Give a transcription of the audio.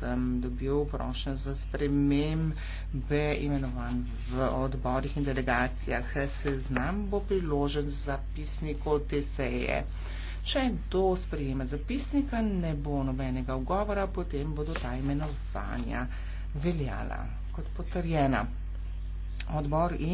sem dobil prošnje za spremembe imenovan v odborih in delegacijah. Seznam bo priložen zapisniku te seje. Če do sprejema zapisnika ne bo nobenega ugovora, potem bodo ta imenovanja veljala kot potrjena. Odbor in